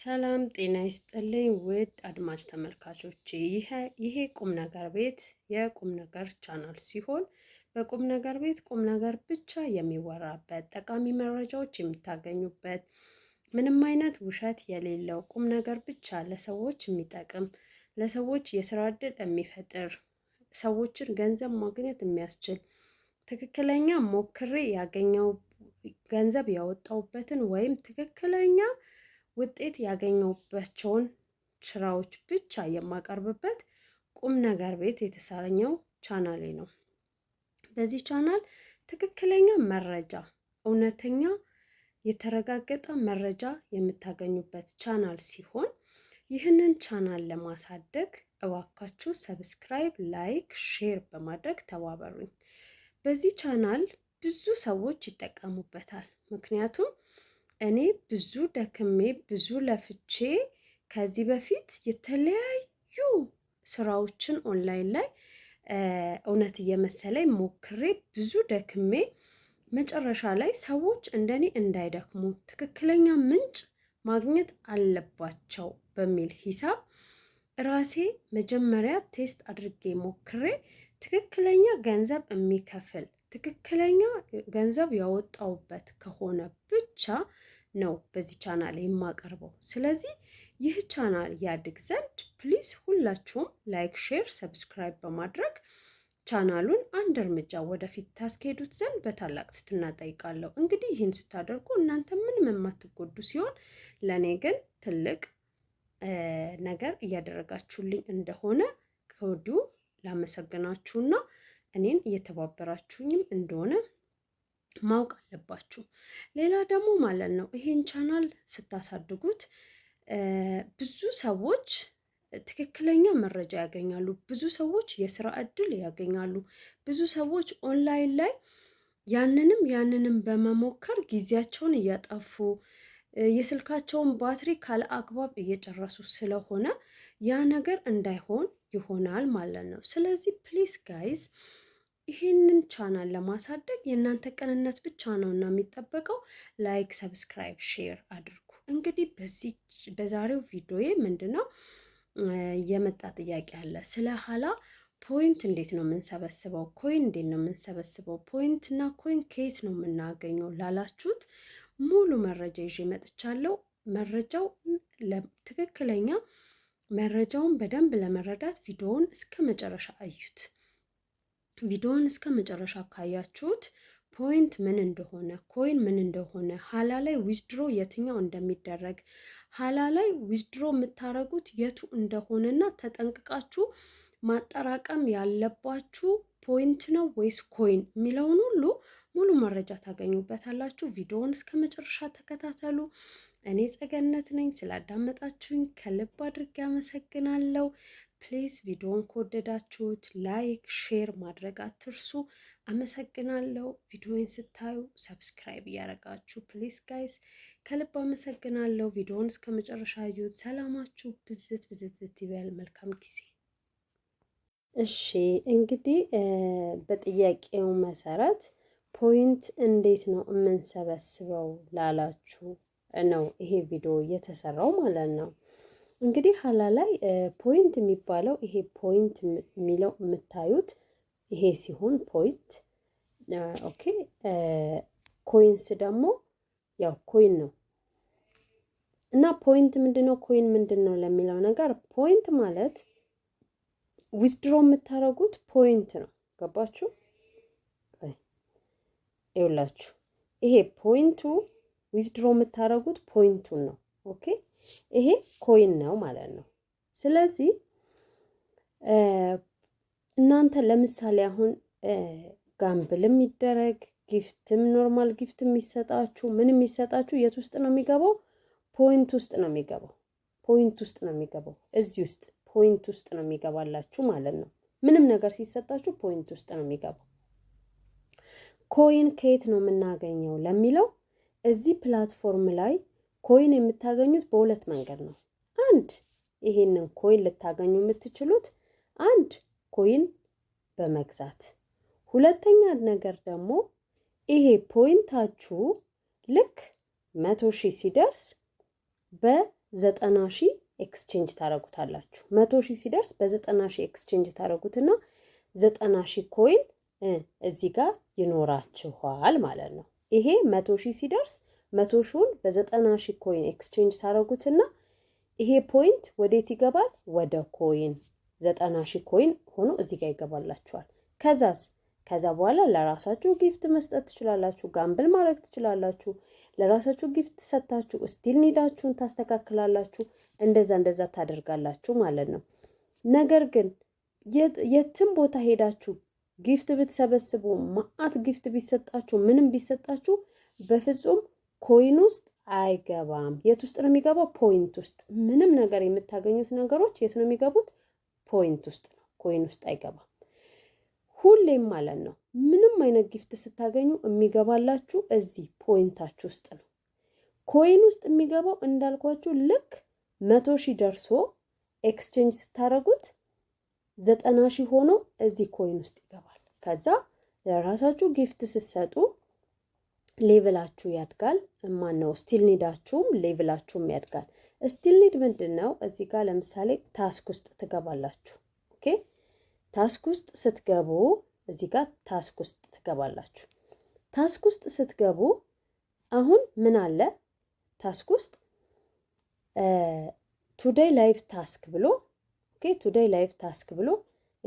ሰላም ጤና ይስጥልኝ ውድ አድማጭ ተመልካቾች፣ ይሄ ቁም ነገር ቤት የቁም ነገር ቻናል ሲሆን በቁም ነገር ቤት ቁም ነገር ብቻ የሚወራበት ጠቃሚ መረጃዎች የሚታገኙበት ምንም አይነት ውሸት የሌለው ቁም ነገር ብቻ ለሰዎች የሚጠቅም ለሰዎች የስራ እድል የሚፈጥር ሰዎችን ገንዘብ ማግኘት የሚያስችል ትክክለኛ ሞክሬ ያገኘው ገንዘብ ያወጣውበትን ወይም ትክክለኛ ውጤት ያገኘሁባቸውን ስራዎች ብቻ የማቀርብበት ቁም ነገር ቤት የተሰኘው ቻናሌ ነው። በዚህ ቻናል ትክክለኛ መረጃ፣ እውነተኛ የተረጋገጠ መረጃ የምታገኙበት ቻናል ሲሆን ይህንን ቻናል ለማሳደግ እባካችሁ ሰብስክራይብ፣ ላይክ፣ ሼር በማድረግ ተባበሩኝ። በዚህ ቻናል ብዙ ሰዎች ይጠቀሙበታል። ምክንያቱም እኔ ብዙ ደክሜ ብዙ ለፍቼ ከዚህ በፊት የተለያዩ ስራዎችን ኦንላይን ላይ እውነት እየመሰለኝ ሞክሬ ብዙ ደክሜ መጨረሻ ላይ ሰዎች እንደኔ እንዳይደክሙ ትክክለኛ ምንጭ ማግኘት አለባቸው በሚል ሂሳብ ራሴ መጀመሪያ ቴስት አድርጌ ሞክሬ ትክክለኛ ገንዘብ የሚከፍል ትክክለኛ ገንዘብ ያወጣውበት ከሆነ ብቻ ነው በዚህ ቻናል የማቀርበው። ስለዚህ ይህ ቻናል ያድግ ዘንድ ፕሊዝ ሁላችሁም ላይክ፣ ሼር፣ ሰብስክራይብ በማድረግ ቻናሉን አንድ እርምጃ ወደፊት ታስኬዱት ዘንድ በታላቅ ትህትና ጠይቃለሁ። እንግዲህ ይህን ስታደርጉ እናንተ ምንም የማትጎዱ ሲሆን ለእኔ ግን ትልቅ ነገር እያደረጋችሁልኝ እንደሆነ ከወዲሁ ላመሰግናችሁና እኔን እየተባበራችሁኝም እንደሆነ ማወቅ አለባችሁ። ሌላ ደግሞ ማለት ነው ይሄን ቻናል ስታሳድጉት ብዙ ሰዎች ትክክለኛ መረጃ ያገኛሉ። ብዙ ሰዎች የስራ እድል ያገኛሉ። ብዙ ሰዎች ኦንላይን ላይ ያንንም ያንንም በመሞከር ጊዜያቸውን እያጠፉ የስልካቸውን ባትሪ ካለ አግባብ እየጨረሱ ስለሆነ ያ ነገር እንዳይሆን ይሆናል ማለት ነው። ስለዚህ ፕሊስ ጋይዝ ይህንን ቻናል ለማሳደግ የእናንተ ቅንነት ብቻ ነው እና የሚጠበቀው። ላይክ፣ ሰብስክራይብ፣ ሼር አድርጉ። እንግዲህ በዚህ በዛሬው ቪዲዮዬ ምንድን ነው የመጣ ጥያቄ አለ ስለ ሀላ ፖይንት እንዴት ነው የምንሰበስበው? ኮይን እንዴት ነው የምንሰበስበው? ፖይንት እና ኮይን ከየት ነው የምናገኘው ላላችሁት ሙሉ መረጃ ይዤ መጥቻለሁ። መረጃው ትክክለኛ መረጃውን በደንብ ለመረዳት ቪዲዮውን እስከ መጨረሻ አዩት። ቪዲዮውን እስከ መጨረሻ ካያችሁት ፖይንት ምን እንደሆነ ኮይን ምን እንደሆነ ሀላ ላይ ዊዝድሮ የትኛው እንደሚደረግ ሀላ ላይ ዊዝድሮ የምታደርጉት የቱ እንደሆነና ተጠንቅቃችሁ ማጠራቀም ያለባችሁ ፖይንት ነው ወይስ ኮይን የሚለውን ሁሉ ሙሉ መረጃ ታገኙበታላችሁ። ቪዲዮውን እስከ መጨረሻ ተከታተሉ። እኔ ጸገነት ነኝ። ስላዳመጣችሁኝ ከልብ አድርጌ አመሰግናለሁ። ፕሊዝ ቪዲዮን ከወደዳችሁት ላይክ፣ ሼር ማድረግ አትርሱ። አመሰግናለሁ። ቪዲዮን ስታዩ ሰብስክራይብ እያደረጋችሁ ፕሊስ ጋይስ ከልብ አመሰግናለሁ። ቪዲዮን እስከ መጨረሻ እዩት። ሰላማችሁ ብዝት ብዝት ዝት ይበል። መልካም ጊዜ። እሺ እንግዲህ በጥያቄው መሰረት ፖይንት እንዴት ነው የምንሰበስበው ላላችሁ ነው ይሄ ቪዲዮ እየተሰራው ማለት ነው። እንግዲህ ሀላ ላይ ፖይንት የሚባለው ይሄ ፖይንት የሚለው የምታዩት ይሄ ሲሆን ፖይንት ኦኬ። ኮይንስ ደግሞ ያው ኮይን ነው እና ፖይንት ምንድን ነው ኮይን ምንድን ነው ለሚለው ነገር ፖይንት ማለት ዊዝድሮ የምታደርጉት ፖይንት ነው። ገባችሁ? ይውላችሁ ይሄ ፖይንቱ ዊዝድሮ የምታደርጉት ፖይንቱን ነው። ኦኬ ይሄ ኮይን ነው ማለት ነው። ስለዚህ እናንተ ለምሳሌ አሁን ጋምብልም ይደረግ ጊፍትም ኖርማል ጊፍት የሚሰጣችሁ ምን የሚሰጣችሁ የት ውስጥ ነው የሚገባው? ፖይንት ውስጥ ነው የሚገባው። ፖይንት ውስጥ ነው የሚገባው። እዚህ ውስጥ ፖይንት ውስጥ ነው የሚገባላችሁ ማለት ነው። ምንም ነገር ሲሰጣችሁ ፖይንት ውስጥ ነው የሚገባው። ኮይን ከየት ነው የምናገኘው ለሚለው እዚህ ፕላትፎርም ላይ ኮይን የምታገኙት በሁለት መንገድ ነው። አንድ ይሄንን ኮይን ልታገኙ የምትችሉት አንድ ኮይን በመግዛት ሁለተኛ ነገር ደግሞ ይሄ ፖይንታችሁ ልክ መቶ ሺህ ሲደርስ በዘጠና ሺህ ኤክስቼንጅ ታደረጉታላችሁ። መቶ ሺህ ሲደርስ በዘጠና ሺህ ኤክስቼንጅ ታደረጉትና ዘጠና ሺህ ኮይን እዚህ ጋር ይኖራችኋል ማለት ነው። ይሄ መቶ ሺህ ሲደርስ መቶ ሺውን በዘጠና ሺ ኮይን ኤክስቼንጅ ታደረጉትና ይሄ ፖይንት ወዴት ይገባል? ወደ ኮይን ዘጠና ሺ ኮይን ሆኖ እዚህ ጋር ይገባላችኋል። ከዛስ ከዛ በኋላ ለራሳችሁ ጊፍት መስጠት ትችላላችሁ። ጋምብል ማድረግ ትችላላችሁ። ለራሳችሁ ጊፍት ሰጥታችሁ ስቲል ኒዳችሁን ታስተካክላላችሁ። እንደዛ እንደዛ ታደርጋላችሁ ማለት ነው። ነገር ግን የትም ቦታ ሄዳችሁ ጊፍት ብትሰበስቡ፣ ማአት ጊፍት ቢሰጣችሁ፣ ምንም ቢሰጣችሁ በፍጹም ኮይን ውስጥ አይገባም። የት ውስጥ ነው የሚገባው? ፖይንት ውስጥ። ምንም ነገር የምታገኙት ነገሮች የት ነው የሚገቡት? ፖይንት ውስጥ ነው። ኮይን ውስጥ አይገባም። ሁሌም ማለት ነው ምንም አይነት ጊፍት ስታገኙ የሚገባላችሁ እዚህ ፖይንታችሁ ውስጥ ነው። ኮይን ውስጥ የሚገባው እንዳልኳችሁ ልክ መቶ ሺህ ደርሶ ኤክስቼንጅ ስታደርጉት ዘጠና ሺህ ሆኖ እዚህ ኮይን ውስጥ ይገባል። ከዛ ለራሳችሁ ጊፍት ስትሰጡ ሌቭላችሁ ያድጋል። ማን ነው ስቲል ኒዳችሁም ሌቭላችሁም ያድጋል። ስቲል ኒድ ምንድን ነው? እዚህ ጋር ለምሳሌ ታስክ ውስጥ ትገባላችሁ። ኦኬ ታስክ ውስጥ ስትገቡ እዚህ ጋር ታስክ ውስጥ ትገባላችሁ። ታስክ ውስጥ ስትገቡ አሁን ምን አለ ታስክ ውስጥ ቱዴይ ላይፍ ታስክ ብሎ ኦኬ ቱዴይ ላይፍ ታስክ ብሎ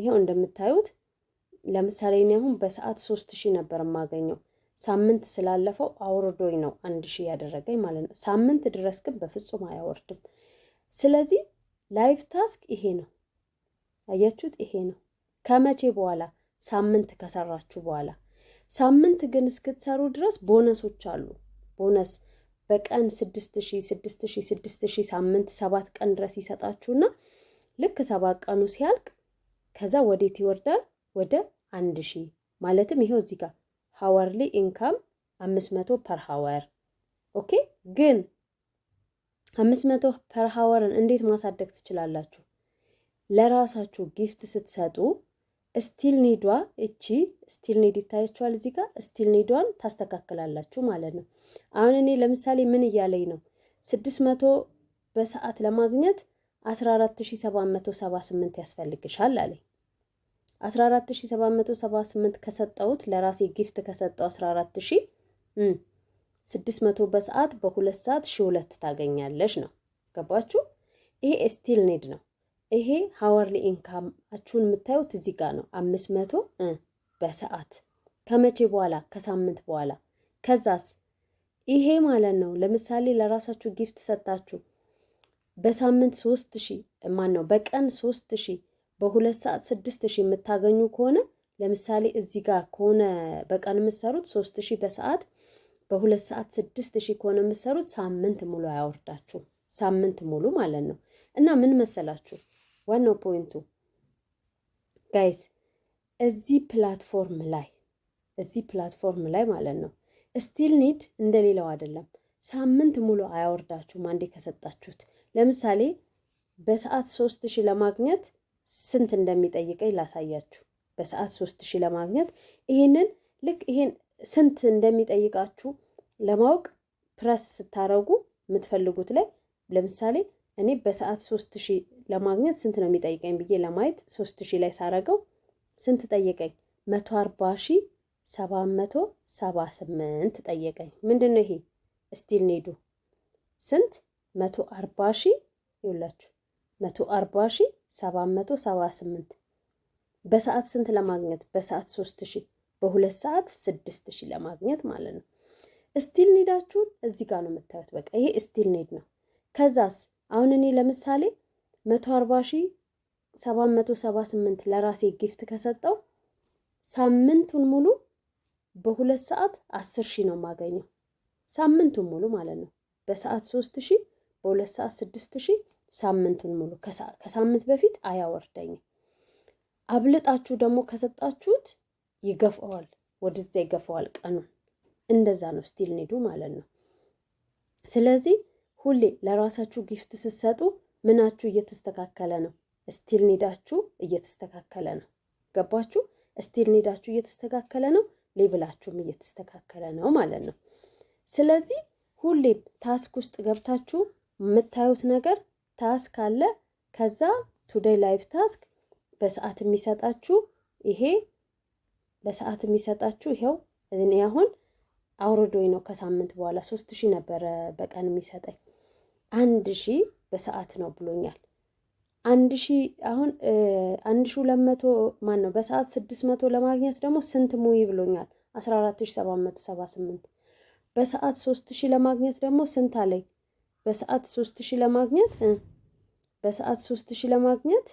ይሄው እንደምታዩት ለምሳሌ እኔ አሁን በሰዓት ሶስት ሺህ ነበር የማገኘው ሳምንት ስላለፈው አውርዶኝ ነው አንድ ሺህ ያደረገኝ ማለት ነው። ሳምንት ድረስ ግን በፍጹም አያወርድም። ስለዚህ ላይፍ ታስክ ይሄ ነው። አያችሁት? ይሄ ነው ከመቼ በኋላ ሳምንት ከሰራችሁ በኋላ። ሳምንት ግን እስክትሰሩ ድረስ ቦነሶች አሉ። ቦነስ በቀን ስድስት ሺህ ስድስት ሺህ ስድስት ሺህ ሳምንት ሰባት ቀን ድረስ ይሰጣችሁና ልክ ሰባት ቀኑ ሲያልቅ ከዛ ወዴት ይወርዳል? ወደ አንድ ሺህ ማለትም ይሄው እዚህ ጋር ሀወርሊ ኢንካም አምስት መቶ ፐር ሀወር ኦኬ። ግን አምስት መቶ ፐር ሀወርን እንዴት ማሳደግ ትችላላችሁ? ለራሳችሁ ጊፍት ስትሰጡ ስቲል ኒዷ እቺ ስቲል ኒድ ይታያችኋል እዚህ ጋር ስቲል ኒዷን ታስተካክላላችሁ ማለት ነው። አሁን እኔ ለምሳሌ ምን እያለኝ ነው? ስድስት መቶ በሰዓት ለማግኘት አስራ አራት ሺ ሰባት መቶ ሰባ ስምንት ያስፈልግሻል አለኝ። 14778 ከሰጠሁት ለራሴ ጊፍት ከሰጠው 14000 600 በሰዓት በ2 ሰዓት ሺ ሁለት ታገኛለሽ ነው። ገባችሁ? ይሄ ስቲል ኔድ ነው። ይሄ ሃወርሊ ኢንካም አችሁን የምታዩት እዚህ ጋር ነው። 500 በሰዓት ከመቼ በኋላ? ከሳምንት በኋላ። ከዛስ ይሄ ማለት ነው ለምሳሌ ለራሳችሁ ጊፍት ሰጣችሁ በሳምንት 3000 ማን ነው በቀን 3000 በሁለት ሰዓት ስድስት ሺህ የምታገኙ ከሆነ ለምሳሌ እዚህ ጋር ከሆነ በቀን የምትሰሩት ሶስት ሺህ በሰዓት በሁለት ሰዓት ስድስት ሺህ ከሆነ የምትሰሩት ሳምንት ሙሉ አያወርዳችሁ ሳምንት ሙሉ ማለት ነው። እና ምን መሰላችሁ ዋናው ፖይንቱ ጋይዝ እዚህ ፕላትፎርም ላይ እዚህ ፕላትፎርም ላይ ማለት ነው ስቲል ኒድ እንደሌላው አይደለም። ሳምንት ሙሉ አያወርዳችሁም አንዴ ከሰጣችሁት። ለምሳሌ በሰዓት ሶስት ሺህ ለማግኘት ስንት እንደሚጠይቀኝ ላሳያችሁ። በሰዓት ሶስት ሺህ ለማግኘት ይሄንን ልክ ይሄን ስንት እንደሚጠይቃችሁ ለማወቅ ፕረስ ስታረጉ የምትፈልጉት ላይ ለምሳሌ እኔ በሰዓት ሶስት ሺህ ለማግኘት ስንት ነው የሚጠይቀኝ ብዬ ለማየት ሶስት ሺህ ላይ ሳረገው ስንት ጠየቀኝ? መቶ አርባ ሺህ ሰባት መቶ ሰባ ስምንት ጠየቀኝ። ምንድን ነው ይሄ? እስቲል ኔዱ ስንት መቶ አርባ ሺህ ይውላችሁ መቶ አርባ ሺህ ሰባት መቶ ሰባ ስምንት በሰዓት ስንት ለማግኘት በሰዓት ሶስት ሺህ በሁለት ሰዓት ስድስት ሺህ ለማግኘት ማለት ነው። ስቲል ኒዳችሁን እዚህ ጋር ነው የምታዩት። በቃ ይሄ ስቲል ኒድ ነው። ከዛስ አሁን እኔ ለምሳሌ መቶ አርባ ሺህ ሰባት መቶ ሰባ ስምንት ለራሴ ጊፍት ከሰጠው ሳምንቱን ሙሉ በሁለት ሰዓት አስር ሺህ ነው የማገኘው። ሳምንቱን ሙሉ ማለት ነው። በሰዓት ሶስት ሺህ በሁለት ሰዓት ስድስት ሺህ ሳምንቱን ሙሉ ከሳምንት በፊት አያወርደኝም። አብልጣችሁ ደግሞ ከሰጣችሁት ይገፋዋል፣ ወደዛ ይገፋዋል ቀኑን። እንደዛ ነው ስቲል ኒዱ ማለት ነው። ስለዚህ ሁሌ ለራሳችሁ ጊፍት ስትሰጡ ምናችሁ እየተስተካከለ ነው፣ ስቲል ኒዳችሁ እየተስተካከለ ነው። ገባችሁ? ስቲል ኒዳችሁ እየተስተካከለ ነው፣ ሌብላችሁም እየተስተካከለ ነው ማለት ነው። ስለዚህ ሁሌም ታስክ ውስጥ ገብታችሁ የምታዩት ነገር ታስክ አለ። ከዛ ቱዴይ ላይፍ ታስክ በሰዓት የሚሰጣችሁ ይሄ በሰዓት የሚሰጣችሁ ይኸው እኔ አሁን አውርዶኝ ነው ከሳምንት በኋላ ሶስት ሺህ ነበረ በቀን የሚሰጠኝ አንድ ሺህ በሰዓት ነው ብሎኛል። አንድ ሺህ አሁን አንድ ሺህ ሁለት መቶ ማን ነው በሰዓት ስድስት መቶ ለማግኘት ደግሞ ስንት ሙይ ብሎኛል? አስራ አራት ሺህ ሰባት መቶ ሰባ ስምንት በሰዓት ሶስት ሺህ ለማግኘት ደግሞ ስንት አለኝ? በሰዓት ሶስት ሺህ ለማግኘት በሰዓት 3000 ለማግኘት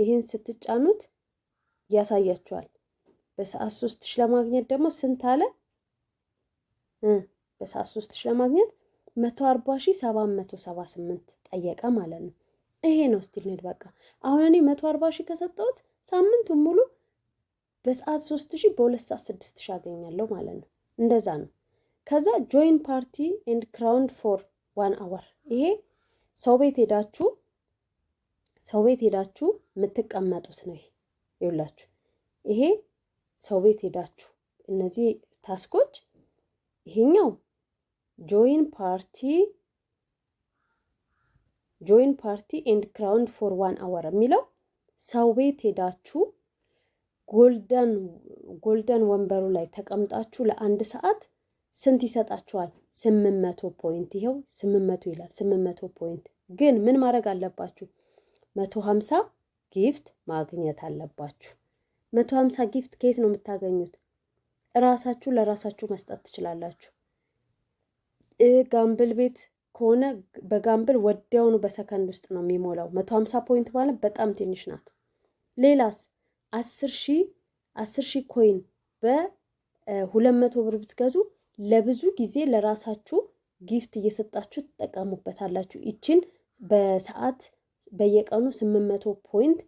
ይህን ስትጫኑት ያሳያችኋል። በሰዓት 3000 ለማግኘት ደግሞ ስንት አለ? በሰዓት 3000 ለማግኘት 140778 ጠየቀ ማለት ነው። ይሄ ነው ስቲል ኔድ በቃ አሁን እኔ 140 ሺህ ከሰጠሁት ሳምንቱን ሙሉ በሰዓት 3000 በሁለት ሰዓት 6000 አገኛለሁ ማለት ነው። እንደዛ ነው። ከዛ ጆይን ፓርቲ ኤንድ ክራውንድ ፎር ዋን አወር ይሄ ሰው ቤት ሄዳችሁ ሰው ቤት ሄዳችሁ የምትቀመጡት ነው። ይውላችሁ ይሄ ሰው ቤት ሄዳችሁ እነዚህ ታስኮች ይሄኛው ጆይን ፓርቲ ጆይን ፓርቲ ኤንድ ክራውንድ ፎር ዋን አወር የሚለው ሰው ቤት ሄዳችሁ ጎልደን ጎልደን ወንበሩ ላይ ተቀምጣችሁ ለአንድ ሰዓት ስንት ይሰጣችኋል? ስምንት መቶ ፖይንት። ይኸው ስምንት መቶ ይላል። ስምንት መቶ ፖይንት ግን ምን ማድረግ አለባችሁ? መቶ ሀምሳ ጊፍት ማግኘት አለባችሁ። መቶ ሀምሳ ጊፍት ከየት ነው የምታገኙት? እራሳችሁ ለራሳችሁ መስጠት ትችላላችሁ። ጋምብል ቤት ከሆነ በጋምብል ወዲያውኑ በሰከንድ ውስጥ ነው የሚሞላው። መቶ ሀምሳ ፖይንት ማለት በጣም ትንሽ ናት። ሌላስ አስር ሺ አስር ሺ ኮይን በሁለት መቶ ብር ብትገዙ ለብዙ ጊዜ ለራሳችሁ ጊፍት እየሰጣችሁ ትጠቀሙበታላችሁ። ይችን በሰዓት በየቀኑ ስምንት መቶ ፖይንት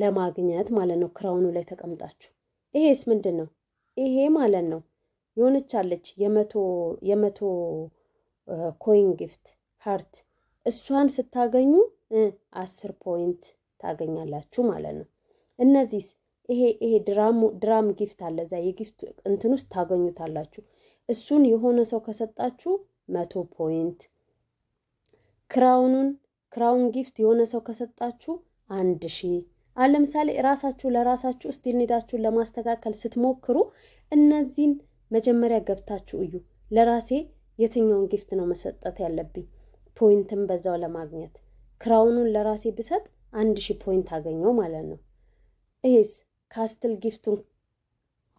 ለማግኘት ማለት ነው። ክራውኑ ላይ ተቀምጣችሁ ይሄስ ምንድን ነው? ይሄ ማለት ነው የሆነች አለች የመቶ የመቶ ኮይን ጊፍት ሀርት እሷን ስታገኙ አስር ፖይንት ታገኛላችሁ ማለት ነው። እነዚህ ይሄ ይሄ ድራም ድራም ጊፍት አለ እዛ የጊፍት እንትን ውስጥ ታገኙታላችሁ። እሱን የሆነ ሰው ከሰጣችሁ መቶ ፖይንት ክራውኑን ክራውን ጊፍት የሆነ ሰው ከሰጣችሁ አንድ ሺህ አሁን ለምሳሌ ራሳችሁ ለራሳችሁ እስቲ ኒዳችሁን ለማስተካከል ስትሞክሩ እነዚህን መጀመሪያ ገብታችሁ እዩ። ለራሴ የትኛውን ጊፍት ነው መሰጠት ያለብኝ? ፖይንትን በዛው ለማግኘት ክራውኑን ለራሴ ብሰጥ አንድ ሺህ ፖይንት አገኘው ማለት ነው። ይሄስ ካስትል ጊፍቱን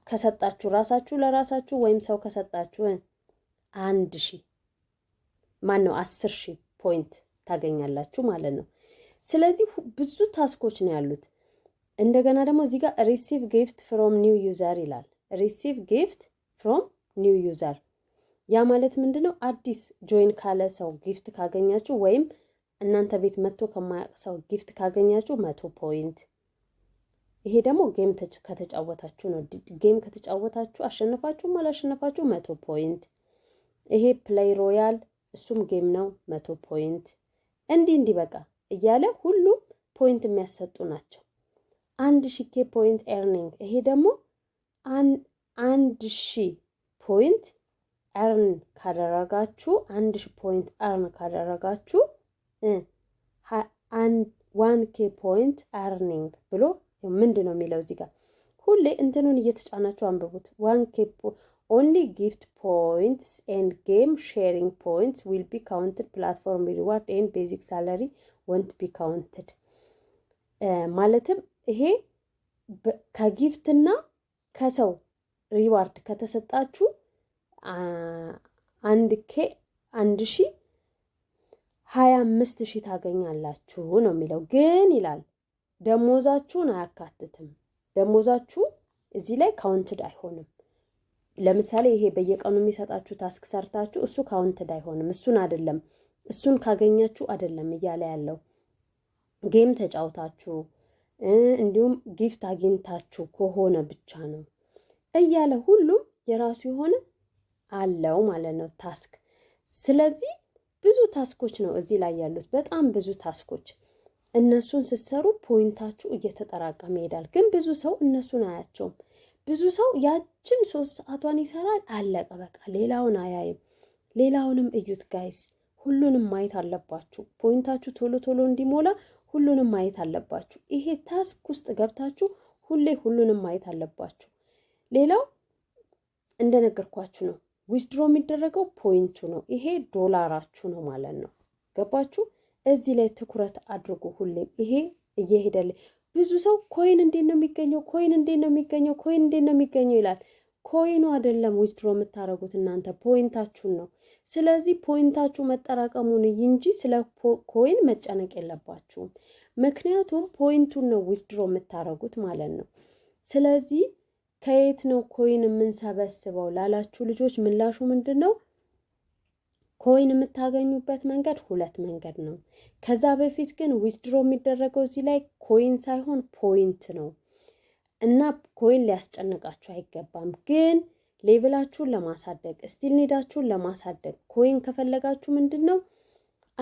ከሰጣችሁ ራሳችሁ ለራሳችሁ ወይም ሰው ከሰጣችሁ አንድ ሺ ማን ነው አስር ሺ ፖይንት ታገኛላችሁ ማለት ነው። ስለዚህ ብዙ ታስኮች ነው ያሉት። እንደገና ደግሞ እዚህ ጋር ሪሲቭ ጊፍት ፍሮም ኒው ዩዘር ይላል። ሪሲቭ ጊፍት ፍሮም ኒው ዩዘር ያ ማለት ምንድን ነው? አዲስ ጆይን ካለ ሰው ጊፍት ካገኛችሁ ወይም እናንተ ቤት መጥቶ ከማያውቅ ሰው ጊፍት ካገኛችሁ መቶ ፖይንት። ይሄ ደግሞ ጌም ከተጫወታችሁ ነው። ጌም ከተጫወታችሁ አሸነፋችሁም አላሸነፋችሁ መቶ ፖይንት። ይሄ ፕሌይ ሮያል እሱም ጌም ነው መቶ ፖይንት። እንዲህ እንዲህ በቃ እያለ ሁሉም ፖይንት የሚያሰጡ ናቸው። አንድ ሺ ኬ ፖይንት ኤርኒንግ ይሄ ደግሞ አንድ ሺ ፖይንት ኤርን ካደረጋችሁ አንድ ሺ ፖይንት ኤርን ካደረጋችሁ ዋን ኬ ፖይንት ኤርኒንግ ብሎ ምንድን ነው የሚለው እዚህ ጋር ሁሌ እንትኑን እየተጫናችሁ አንብቡት። ዋን ኬ ኦንሊ ጊፍት points and ጌም ሼሪንግ points will ቢ ካውንትድ platform reward and basic salary won't ቢ ካውንትድ። uh, ማለትም ይሄ ከጊፍትና ከሰው ሪዋርድ ከተሰጣችሁ አንድ ኬ አንድ ሺ ሀያ አምስት ሺ ታገኛላችሁ ነው የሚለው። ግን ይላል ደሞዛችሁን አያካትትም። ደሞዛችሁ እዚህ ላይ ካውንትድ አይሆንም። ለምሳሌ ይሄ በየቀኑ የሚሰጣችሁ ታስክ ሰርታችሁ እሱ ካውንትድ አይሆንም። እሱን አይደለም እሱን ካገኛችሁ አይደለም እያለ ያለው ጌም ተጫውታችሁ እንዲሁም ጊፍት አግኝታችሁ ከሆነ ብቻ ነው እያለ ሁሉም የራሱ የሆነ አለው ማለት ነው ታስክ። ስለዚህ ብዙ ታስኮች ነው እዚህ ላይ ያሉት፣ በጣም ብዙ ታስኮች። እነሱን ስትሰሩ ፖይንታችሁ እየተጠራቀመ ይሄዳል። ግን ብዙ ሰው እነሱን አያቸውም። ብዙ ሰው ያችን ሶስት ሰዓቷን ይሰራል፣ አለቀ በቃ ሌላውን አያይም። ሌላውንም እዩት ጋይስ፣ ሁሉንም ማየት አለባችሁ። ፖይንታችሁ ቶሎ ቶሎ እንዲሞላ ሁሉንም ማየት አለባችሁ። ይሄ ታስክ ውስጥ ገብታችሁ ሁሌ ሁሉንም ማየት አለባችሁ። ሌላው እንደነገርኳችሁ ነው። ዊዝድሮ የሚደረገው ፖይንቱ ነው። ይሄ ዶላራችሁ ነው ማለት ነው። ገባችሁ? እዚህ ላይ ትኩረት አድርጉ ሁሌም ይሄ እየሄደልኝ ብዙ ሰው ኮይን እንዴት ነው የሚገኘው? ኮይን እንዴት ነው የሚገኘው? ኮይን እንዴት ነው የሚገኘው ይላል። ኮይኑ አይደለም ዊዝድሮ የምታደርጉት እናንተ ፖይንታችሁን ነው። ስለዚህ ፖይንታችሁ መጠራቀሙን እንጂ ስለ ኮይን መጨነቅ የለባችሁም። ምክንያቱም ፖይንቱን ነው ዊዝድሮ የምታደርጉት ማለት ነው። ስለዚህ ከየት ነው ኮይን የምንሰበስበው ላላችሁ ልጆች ምላሹ ምንድን ነው? ኮይን የምታገኙበት መንገድ ሁለት መንገድ ነው። ከዛ በፊት ግን ዊዝድሮ የሚደረገው እዚህ ላይ ኮይን ሳይሆን ፖይንት ነው እና ኮይን ሊያስጨንቃችሁ አይገባም። ግን ሌቭላችሁን ለማሳደግ ስቲል ኒዳችሁን ለማሳደግ ኮይን ከፈለጋችሁ ምንድን ነው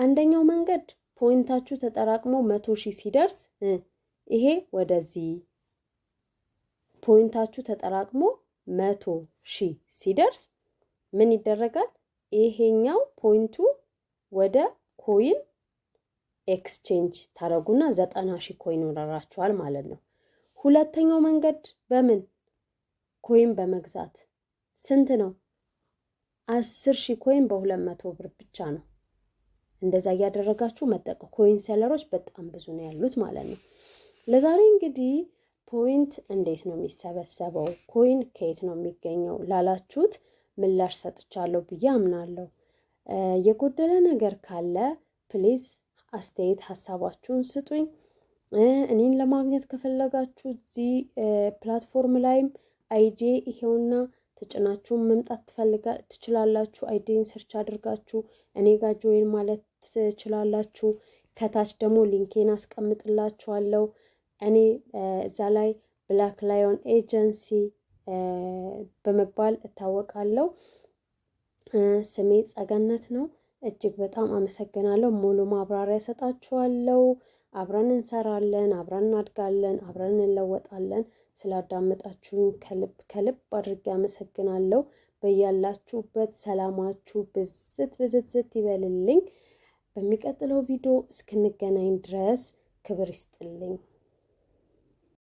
አንደኛው መንገድ ፖይንታችሁ ተጠራቅሞ መቶ ሺህ ሲደርስ ይሄ ወደዚህ ፖይንታችሁ ተጠራቅሞ መቶ ሺህ ሲደርስ ምን ይደረጋል? ይሄኛው ፖይንቱ ወደ ኮይን ኤክስቼንጅ ታረጉና ዘጠና ሺህ ኮይን ይኖራችኋል ማለት ነው። ሁለተኛው መንገድ በምን ኮይን በመግዛት ስንት ነው? አስር ሺህ ኮይን በሁለት መቶ ብር ብቻ ነው። እንደዛ እያደረጋችሁ መጠቀም ኮይን ሴለሮች በጣም ብዙ ነው ያሉት ማለት ነው። ለዛሬ እንግዲህ ፖይንት እንዴት ነው የሚሰበሰበው፣ ኮይን ከየት ነው የሚገኘው ላላችሁት ምላሽ ሰጥቻለሁ ብዬ አምናለሁ። የጎደለ ነገር ካለ ፕሊዝ አስተያየት ሀሳባችሁን ስጡኝ። እኔን ለማግኘት ከፈለጋችሁ እዚህ ፕላትፎርም ላይም አይዴ ይሄውና ተጭናችሁን መምጣት ትችላላችሁ። አይዴን ሰርች አድርጋችሁ እኔ ጋር ጆይን ማለት ትችላላችሁ። ከታች ደግሞ ሊንኬን አስቀምጥላችኋለሁ። እኔ እዛ ላይ ብላክ ላዮን ኤጀንሲ በመባል እታወቃለሁ። ስሜ ጸገነት ነው። እጅግ በጣም አመሰግናለሁ። ሙሉ ማብራሪያ እሰጣችኋለሁ። አብረን እንሰራለን፣ አብረን እናድጋለን፣ አብረን እንለወጣለን። ስላዳመጣችሁኝ ከልብ ከልብ አድርጌ አመሰግናለሁ። በያላችሁበት ሰላማችሁ ብዝት ብዝት ዝት ይበልልኝ። በሚቀጥለው ቪዲዮ እስክንገናኝ ድረስ ክብር ይስጥልኝ።